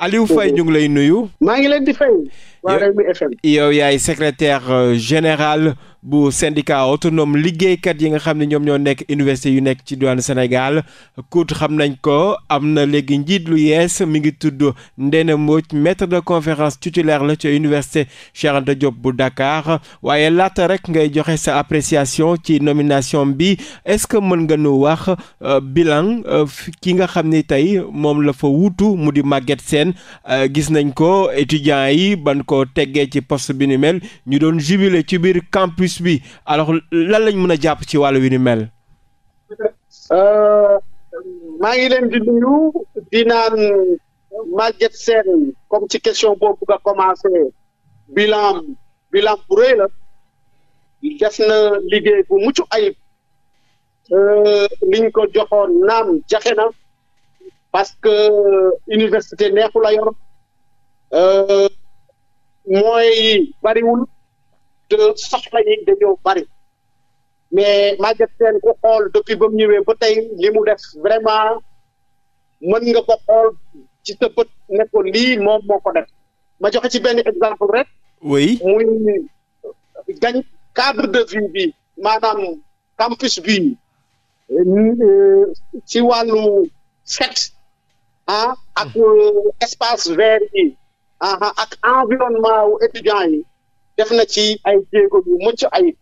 Aliou Faye ñu ngi lay nuyu. maa ngi leen di fay. waa Rewmi euh, général. bu syndicat autonome liggéeykat yi nga xam ne ñoom ñoo nekk université yu nekk ci diwaanu Sénégal kuut xam nañ ko am na léegi njiit lu yees mi ngi tudd Ndéné Mbodj maître de conférence titulaire la ci université Cheikh Anta bu Dakar waaye laata rek ngay joxe sa appréciation ci nomination bi est-ce que mën nga nu wax euh, bilan euh, ki nga xam ni tey moom la fa wutu mu di màgget seen euh, gis nañ ko étudiants yi ban ko teggee ci poste bi ni mel ñu doon jubilé ci biir campus virus bi alors lan lañ mën a jàpp ci wàllu wi ni mel. Euh, maa ngi leen di nuyu di naan Maguette seen comme ci question boobu nga commencé bilan bilan bu rëy la def na liggéey bu mucc ayib euh, liñ ko joxoon naam jaxe na parce que université neexu la yor euh, mooy bariwul te soxla yi dañoo bari mais Maguette Sène ku xool depuis ba mu ñëwee ba tey li mu def vraiment mën nga ko xool ci sa bët ne ko lii moom moo ko def ma joxe ci benn exemple rek. oui muy gañ cadre de vie bi maanaam campus bi euh, ci wàllu set ah ak euh, espace vert yi ah ak environnement wu étudiants yi. def na ci ay jéego yu mucc ayib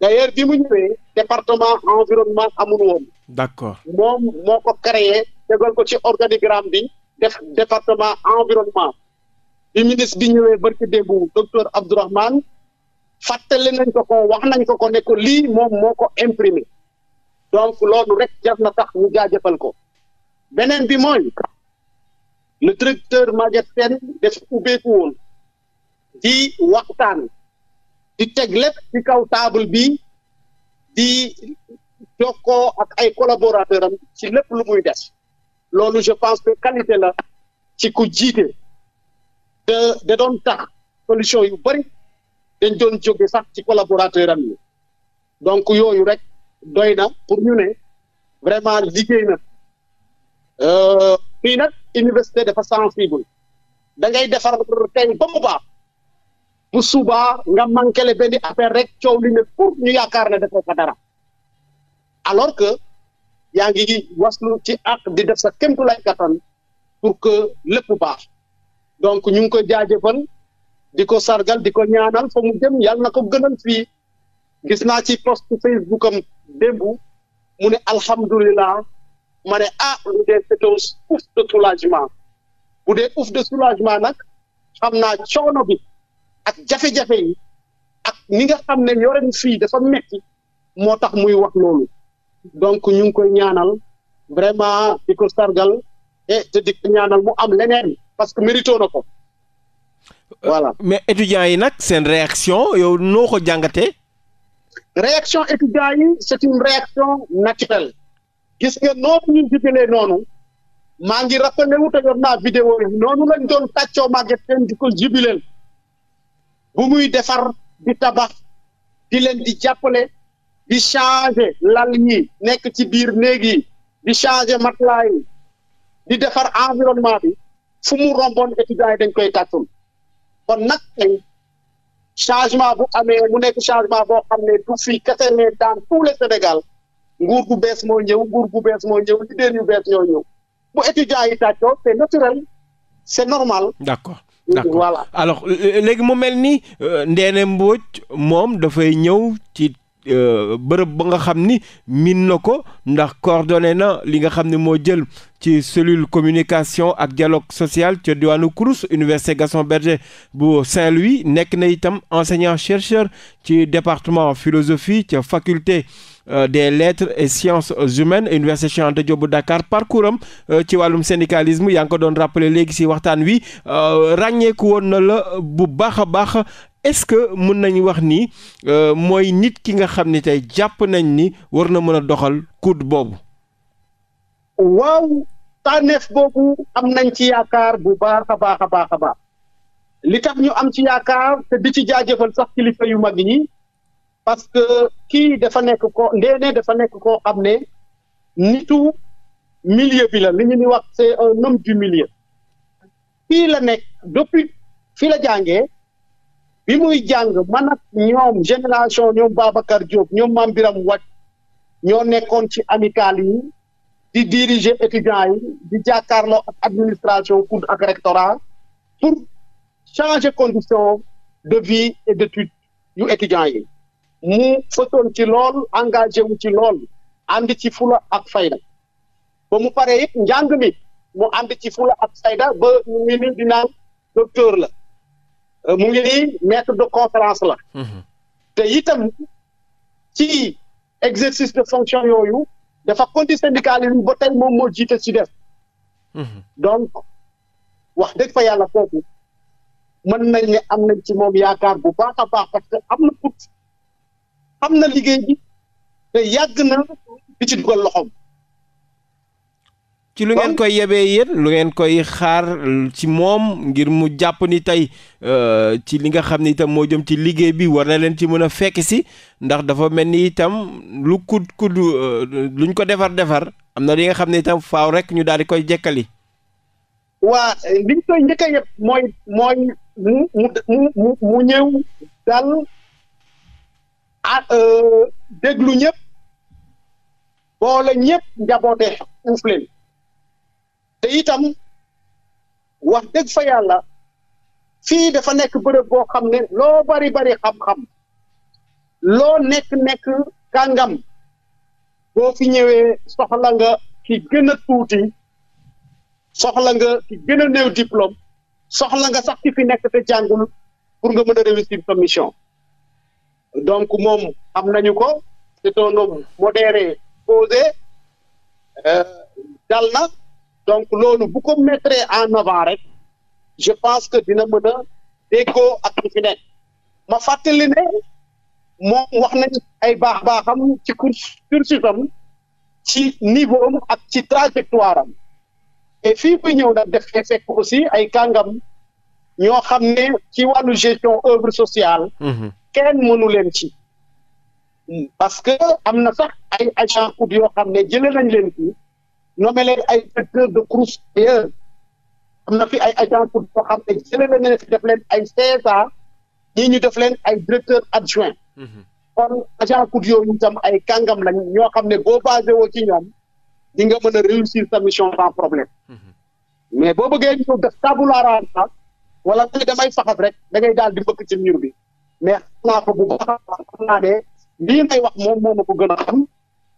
d'ailleurs bi mu ñëwee département environnement amul woon. d'accord moom moo ko créé tegal ko ci organigramme bi def département environnement bi ministre bi ñëwee barki démb docteur Abdourahmane fàttale nañ ko ko wax nañ ko ko ne lii moom moo ko imprimé donc loolu rek jar na tax ñu jaajëfal ko beneen bi mooy le directeur Maguette Sène def ubbeeku woon. ci waxtaan di teg lépp ci kaw table bi di jokkoo ak ay collaborateur am ci lépp lu muy des loolu je pense que qualité la ci ku jiite de de doon tax solution yu bëri dañ doon jóge sax ci collaborateur am yi donc yooyu rek doy na pour ñu ne vraiment liggéey na euh, fii nag université dafa sensible da ngay defar tey ba mu baax bu subaa nga manquele benn affaire rek coow li ne pour ñu yakaar ne defoo ko dara alors que yaa ngi waslu ci ak di def sa kémtu lay kattan pour que lépp baax donc ñu ngi koy jaajëfal di ko sargal di ko ñaanal fa mu jëm yàlla na ko gënal fii gis naa ci post Facebook am démbu mu ne alhamdulilah ma ne ah lu dee c'était ouf de soulagement bu dee ouf de soulagement nag xam naa coono bi ak jafe-jafe yi ak ni nga xam ne yoren fii dafa metti moo tax muy wax loolu donc ñu ngi koy ñaanal vraiment di ko sargal et te di ko ñaanal mu am leneen parce que mérito na ko voilà. Euh, mais étudiants yi nag seen réaction yow noo ko jàngatee. réaction étudiants yi c'est une réaction naturelle. gis nga noonu ñu jubilee noonu maa ngi rappelé wu te yor naa vidéo yi noonu lañ doon tàccoo màgget seen di ko jubileel bu muy defar di tabax di leen di jàppale di changer lal yi nekk ci biir néegi di changer matelas yi di defar environnement bi fu mu romboon étudiants yi dañ koy tàccul kon nag tey changement bu amee mu nekk changement boo xam ne du fi kese ne dans tout Sénégal nguur gu bees moo ñëw nguur gu bees moo ñëw leader yu bees ñoo ñëw bu étudiants yi tàccoo c'est naturel c'est normal d'accord voilà alors léegi mu mel ni euh, ndeene Mbodj moom dafay ñëw ci Euh, bërëb ba nga xam ni min na ko ndax coordonné na li nga xam ne moo jël ci cellule communication ak dialogue sociale ca diwaanu Crous université Gaston Berger bu Saint-Louis nekk na itam enseignant chercheur ci département philosophie ca faculté euh, des lettres et sciences humaines université Cheikh Anta Diop bu Dakar parcours am euh, ci wàllum syndicalisme yaa ngi ko doon rappelé léegi si waxtaan wi ràññeeku woon na la bu baax a baax est-ce que mun nañu wax ni euh, mooy nit ki nga xam ni tey jàpp nañ ni war na mën a doxal kudd boobu. waaw tànneef boobu am nañ ci yaakaar bu baax a baax a baax li tax ñu am ci yaakaar te di ci jaajëfal sax kilifa yu mag ñi parce que kii dafa nekk ko Ndéné dafa nekk ko xam ne nitu milieu bi la li ñu ni wax c'est un homme du milieu fii la nekk depuis fii la jàngee. bi muy jàng man ak ñoom génération ñoom Babacar Diop ñoom Mame Biram Wat ñoo nekkoon ci amicale yi di diriger étudiants yi di jàkkaarloo ak administration pour ak rectorat pour changer condition de vie et d'étude yu étudiants yi mu fësoon ci lool engagé wu ci lool ànd ci fula ak fayda ba mu paree it njàng mi mu ànd ci fula ak fayda ba ñu ngi ni di la Euh, mu ngi nii maître de conférence la. Mhm. te itam ci exercice de fonction yooyu dafa anti-syndicalisme ba tey moom moo jiite ci def. Mhm. donc wax dëgg fa yàlla foofu mën nañ ne am nañ ci moom yaakaar bu baax a baax parce am na put am na liggéey bi te yàgg na bi ci dugal loxoom. ci lu ngeen koy yebee yéen lu ngeen koy xaar ci moom ngir mu jàpp ni tey euh, ci li nga xam ni itam moo jëm ci liggéey bi war na leen ci mën a fekk si ndax dafa mel ni itam lu kud kud euh, luñ ko defar defar am na li nga xam ne itam faaw rek ñu daal di koy jekkali. waa liñ koy njëkk yëpp mooy dal euh, déglu ñëpp boole ñëpp njaboote uuf leen te itam wax dëgg fa yàlla fii dafa nekk bërëb boo xam ne loo bari bari xam-xam loo nekk-nekk kàngam boo fi ñëwee soxla nga ki gën a tuuti soxla nga ki gën a néew diplôme soxla nga sax ki fi nekk te jàngul pour nga mën a réussir sa donc moom xam nañu ko c'est un homme modéré posé euh, dal na donc loolu bu ko mettre en avant rek je pense que dina mën a ko ak ñi fi nekk ma fàttali moom wax nañ ay baax baaxam ci cursusam ci niveau am ak ci trajectoire et fii muy ñëw nag def fekk aussi ay kàngam ñoo xam ne ci wàllu gestion œuvre sociale mhm. kenn mënu leen ci parce que am na sax ay agent kub yoo xam ne jëlee nañ leen ci nommé leen ay directeur de Crous ailleurs am na fi ay agent pour boo xam ne jëlee na leen fi def leen ay CSA ñii ñu def leen ay directeur adjoint mhm. kon agent yoo ñu tam ay kàngam lañ ñoo xam ne boo basé woo ci ñoom di nga mën a réussir sa mission sans problème mhm. mais boo bëggee ñëw def tabula rasa wala nga damay faxas rek da ngay daal di mbëkk ci mur bi mais xam naa ko bu baax xam naa ne lii may wax moom moo a ko gën a xam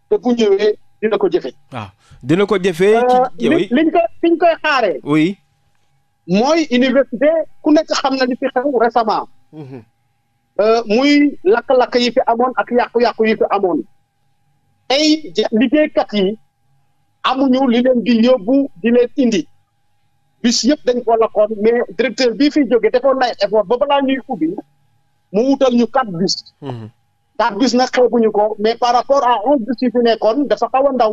te bu ñëwee dina ko jëfee. waaw ah, dina ko jëfe ci euh, eh liñ ko fiñ koy xaaree. oui. mooy université ku nekk xam na li fi xew récemment. Mhm. Euh, muy lakk-lakk yi fi amoon ak yàqu-yàqu yi fi amoon. ay kat yi amuñu li leen di yóbbu di leen indi. bis yëpp dañ ko lakkoon mais directeur bii fi jógee defoon na ay effort ba balaa ñuy ubbi mu wutal ñu quatre bis. Mhm. quatre bis nag xeebuñu ko mais par rapport à onze bis yi fi nekkoon dafa xaw a ndaw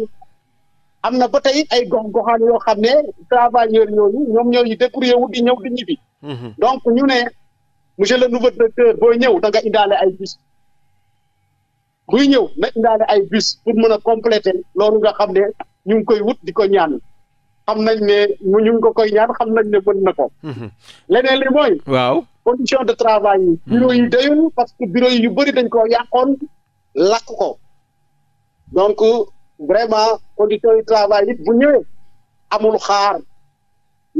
am na ba tey ay gox goxaan yoo xam ne travailleurs yooyu ñoom ñooy débrouillé wu di ñëw di ñibbi. Mhm. donc ñu ne monsieur le nouveau directeur booy ñëw danga nga indaale ay bus. buy ñëw na indaale ay bus pour mën a compléter loolu nga xam ne ñu ngi koy wut di ko ñaan. xam nañ ne ñu ko koy ñaan xam nañ ne mën na ko. Mhm. leneen li mooy. waaw. condition de travail yi. Hmm. bureau yi doyul parce que bureau yi yu bëri dañ koo yàqoon lakk ko donc vraiment condition yi travail it bu ñëwee amul xaar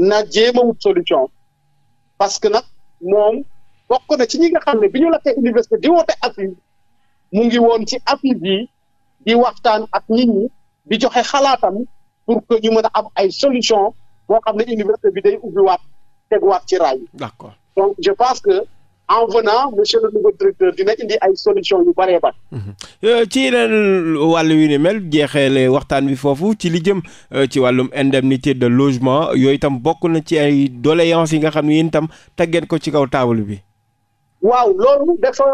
na jéem a wut solution parce que nag moom bokk na ci ñi nga xam ne bi ñu lakkee université di woote AFIS mu ngi woon ci AFIS yi di waxtaan ak nit ñi di joxe xalaatam pour que ñu mën a am ay solution boo xam ne université bi day ubbiwaat waat ci raay. d'accord. donc je pense que en venant monsieur le nouveau directeur dina indi ay solution yu bëree bat euh, ci yeneen wàll wi ni mel jeexeele waxtaan wi foofu ci li jëm euh, ci wàllum indemnité de logement yooyu tam bokk na ci ay doléances yi nga xam ne yéen tam teggeen ko ci kaw table bi waaw loolu dafa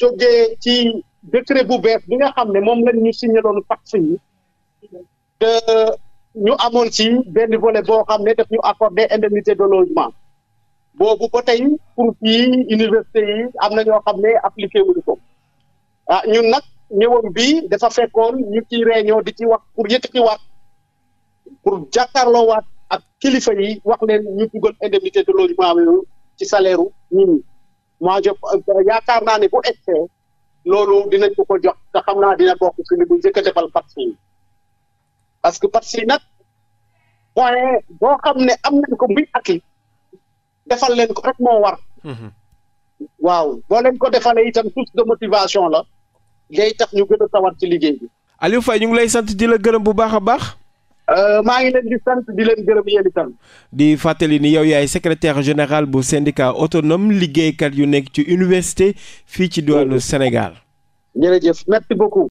jógee ci décret bu bees bi nga xam ne moom lañ ñu signaloon pacte yi euh, ñu amoon ci benn volet boo xam ne daf ñu accordé indemnité de logement boobu ba tey pour fii université yi am na ñoo xam ne appliqué wuñu ko ah ñun nag ñëwoon bi dafa fekkoon ñu ci réunion di ci wax pour yëkkatiwaat pour jàkkaarloowaat ak kilifa yi wax leen ñu dugal indemnité de logement yooyu ci salaire u nit ñi moi je euh, yaakaar naa ne bu egsee loolu dinañ ko ko jox te xam naa dina bokk si bu njëkk a defal parti yi parce que parti yi nag point boo xam ne am nañ ko muy acquis defal leen ko rek moo war. Mhm. waaw boo leen ko defalee itam source de motivation la day tax ñu gën a sawar ci liggéey bi. Aliou ñu ngi lay sant di la gërëm bu baax a baax. Euh, maa ngi leen di sant di leen gërëm yéen itam. di fàttali ni yow yaay secrétaire général bu syndicat autonome liggéeykat yu nekk ci université fii ci diwaanu Sénégal. jërëjëf merci beaucoup.